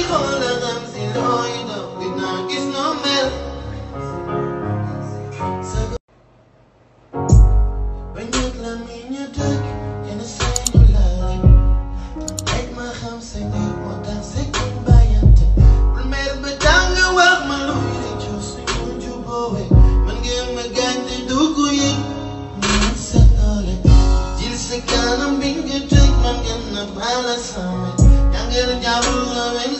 we hold a damn still hold up. We not kiss no love it. need you, Man, I'm being your drink, man, get I'm it. Young girl,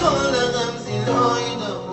כל אדם זה לא ידעו